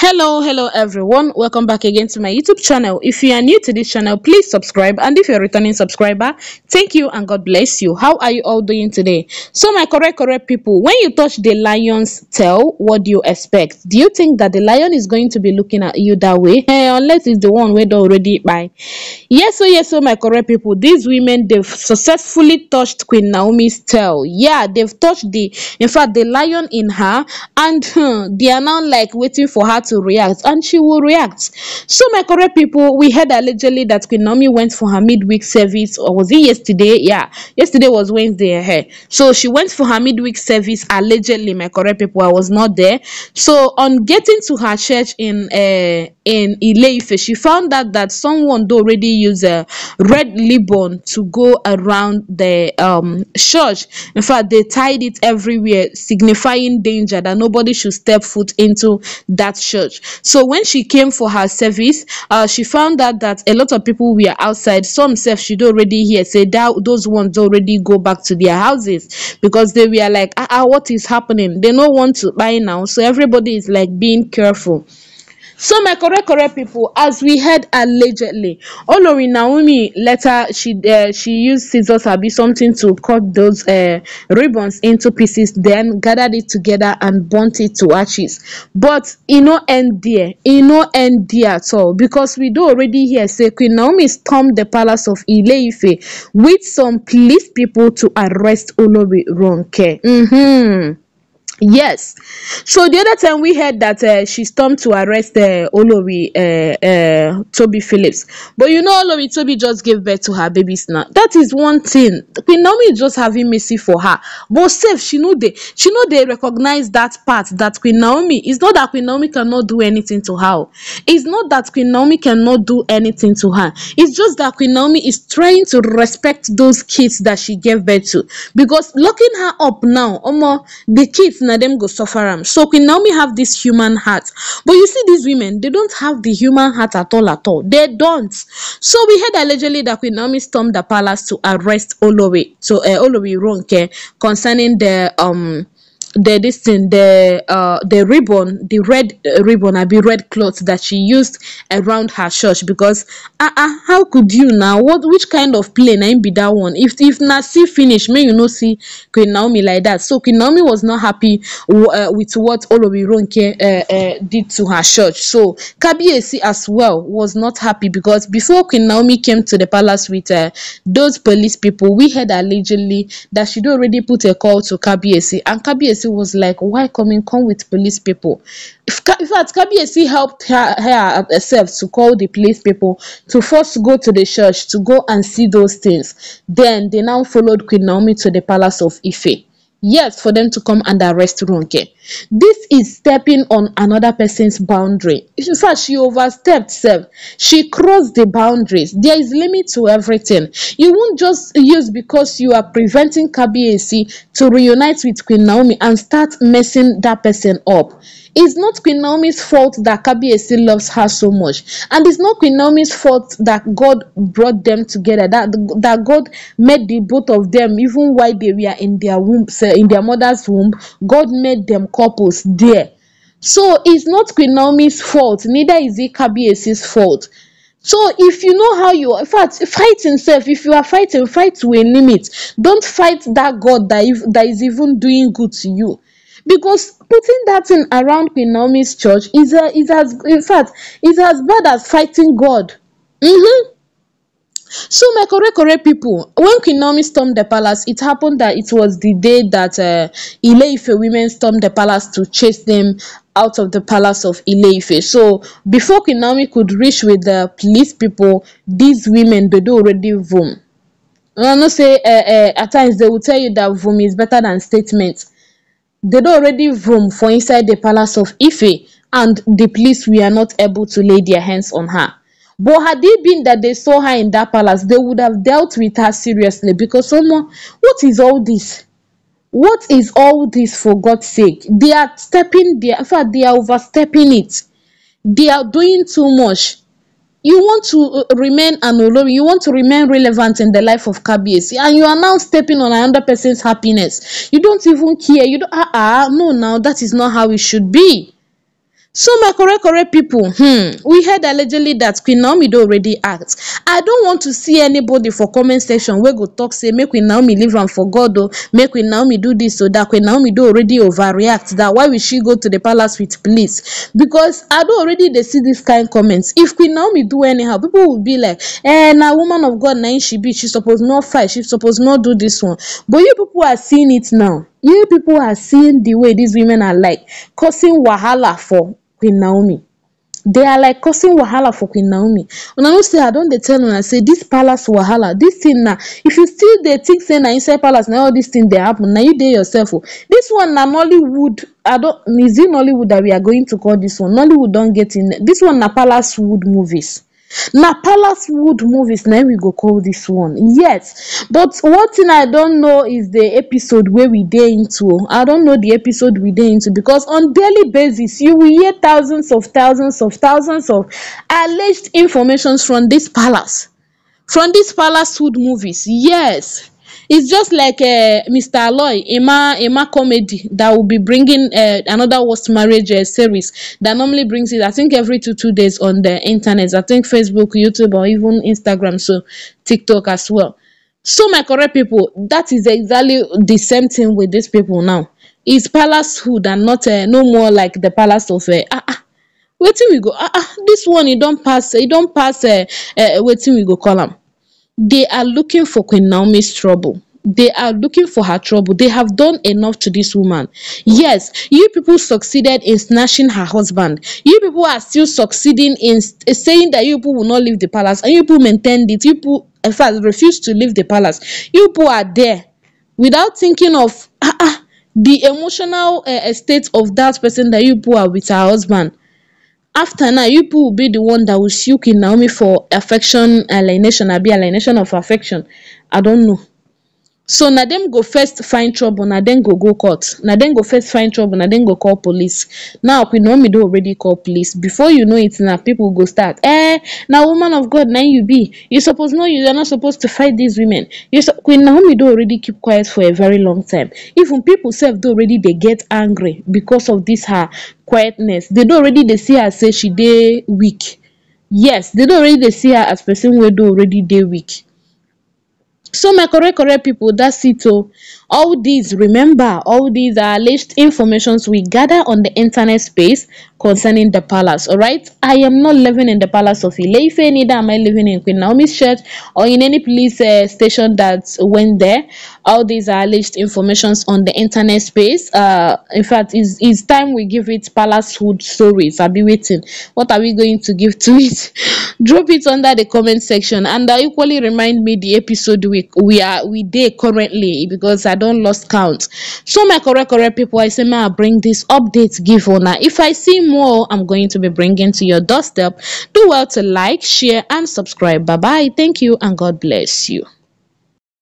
hello hello everyone welcome back again to my youtube channel if you are new to this channel please subscribe and if you're a returning subscriber thank you and god bless you how are you all doing today so my correct correct people when you touch the lion's tail what do you expect do you think that the lion is going to be looking at you that way eh, unless it's the one we're already by yes so oh, yes so oh, my correct people these women they've successfully touched queen naomi's tail yeah they've touched the in fact the lion in her and hmm, they are now like waiting for her to react, and she will react. So, my correct people, we heard allegedly that Queen Naomi went for her midweek service, or was it yesterday? Yeah, yesterday was Wednesday. Ahead. Eh, eh. So, she went for her midweek service allegedly. My correct people, I was not there. So, on getting to her church in uh, in Ileife, she found out that someone already used a red ribbon to go around the um, church. In fact, they tied it everywhere, signifying danger that nobody should step foot into that church church. So when she came for her service, uh, she found out that a lot of people were outside. Some self she'd already hear say that those ones already go back to their houses because they were like, ah, ah what is happening? They don't want to buy now. So everybody is like being careful. So my correct correct people, as we heard allegedly, Olori Naomi letter she uh, she used scissors be something to cut those uh, ribbons into pieces, then gathered it together and burnt it to ashes. But it no end there, it no end there at all because we do already hear say Queen Naomi stormed the palace of ile with some police people to arrest Olori Ronke. Mm-hmm. Yes. So the other time we heard that uh, she stormed to arrest uh, Olori uh, uh, Toby Phillips. But you know, Olori Toby just gave birth to her babies now. That is one thing. Queen Naomi is just having mercy for her. But safe, she know they she know they recognize that part that Queen Naomi it's not that Queen Naomi cannot do anything to her. It's not that Queen Naomi cannot do anything to her. It's just that Queen Naomi is trying to respect those kids that she gave birth to. Because locking her up now, almost the kids na them go suffer am so queen naomi have this human heart but you see these women they don't have the human heart at all at all They don't so we heard allegedly that queen naomi stormed the palace to arrest olori So uh, eh, wrong, ronke concerning the um the this thing the uh the ribbon the red uh, ribbon i be red cloth that she used around her church because uh, uh how could you now what which kind of plane i be that one if if Nasi finish may you know see queen naomi like that so queen naomi was not happy uh, with what olobironke uh, uh did to her church so kabiesi as well was not happy because before queen naomi came to the palace with uh, those police people we heard allegedly that she'd already put a call to kabiesi and kabiesi was like, why coming? Come with police people. If, in fact, Kabiyesi helped her, her herself to call the police people to first go to the church to go and see those things. Then they now followed Queen Naomi to the palace of Ife yes for them to come and arrest Ronke. This is stepping on another person's boundary. In fact, she overstepped self. She crossed the boundaries. There is limit to everything. You won't just use because you are preventing KBAC to reunite with Queen Naomi and start messing that person up. It's not Queen Naomi's fault that KBAC loves her so much. And it's not Queen Naomi's fault that God brought them together, that, that God made the both of them, even while they were in their womb uh, in their mother's womb god made them couples there so it's not queen naomi's fault neither is it kabiesi's fault so if you know how you in fact fighting self if you are fighting fight to a limit don't fight that god that, if, that is even doing good to you because putting that thing around Queen Naomi's church is a, uh, is as in fact is as bad as fighting God. Mm-hmm. So my correct correct people, when Queen Naomi stormed the palace, it happened that it was the day that uh, women stormed the palace to chase them out of the palace of ile So before Queen Naomi could reach with the police people, these women they do already vroom. I not say uh, uh, at times they will tell you that vroom is better than statements. They do already vroom for inside the palace of Ife, and the police were not able to lay their hands on her. But had it been that they saw her in that palace, they would have dealt with her seriously because someone, oh what is all this? What is all this for God's sake? They are stepping their, in fact, they are overstepping it. They are doing too much. You want to uh, remain an you want to remain relevant in the life of KBS, and you are now stepping on another person's happiness. You don't even care. You don't, ah, uh, uh, no, now that is not how it should be. Some correct people, hmm, we heard allegedly that Queen Naomi do already act. I don't want to see anybody for comment section where go talk say make Queen Naomi leave and for God oh, make Queen Naomi do this so oh, that Queen Naomi do already overreact. That why will she go to the palace with police? Because I do already they see this kind of comments. If Queen Naomi do anyhow, people will be like, eh, now woman of God, now she be, she supposed not fight, she supposed not do this one. But you people are seeing it now you people are seeing the way these women are like causing wahala for Queen Naomi. They are like causing wahala for Queen Naomi. When I say I don't they tell when I say this palace wahala, this thing now. If you still they think say na inside palace now all this thing they happen, now you there yourself. Oh. This one na Nollywood. I don't is it Nollywood that we are going to call this one. Nollywood don't get in this one na palace wood movies. Now, palace wood movies Now we go call this one yes but one thing i don't know is the episode where we day into i don't know the episode we day into because on daily basis you will hear thousands of thousands of thousands of alleged informations from this palace from this palace wood movies yes it's just like uh, Mr. Aloy, Emma, Emma Comedy, that will be bringing uh, another Worst Marriage uh, series that normally brings it, I think, every two, two days on the internet. I think Facebook, YouTube, or even Instagram, so TikTok as well. So, my correct people, that is exactly the same thing with these people now. It's palacehood and not uh, no more like the palace of uh, ah, ah, waiting we go ah, ah this one it don't pass it don't pass uh, uh, waiting we go Call him. They are looking for Queen Naomi's trouble. They are looking for her trouble. They have done enough to this woman. Yes, you people succeeded in snatching her husband. You people are still succeeding in saying that you people will not leave the palace. And you people maintain it. You people, in fact, refuse to leave the palace. You people are there without thinking of... Uh, uh, the emotional uh, state of that person that you people are with her husband after now you will be the one that will seek in naomi for affection alienation be alienation of affection i don't know so na dem go first find trouble na dem go go court na dem go first find trouble na dem go call police now queen naomi don already call police before you know it na people go start eh na woman of god na you be you suppose know you are not supposed to fight these women you so queen naomi don already keep quiet for a very long time even people sef don already they get angry because of this her quietness they don already they see her say she day weak yes they don already they see her as person wey do already day weak so my correct correct people, that's it. So oh. all these remember, all these are alleged informations we gather on the internet space concerning the palace. All right, I am not living in the palace of Ileife, neither am I living in Queen Naomi's church or in any police uh, station that went there. All these are alleged informations on the internet space. Uh, in fact, it's, it's time we give it palacehood stories. I'll be waiting. What are we going to give to it? Drop it under the comment section and uh, equally remind me the episode we we we are we there currently because i don't lost count so my correct correct people i say may i bring this update give una if i see more i'm going to be bringing to your doorstep do well to like share and subscribe bye bye thank you and god bless you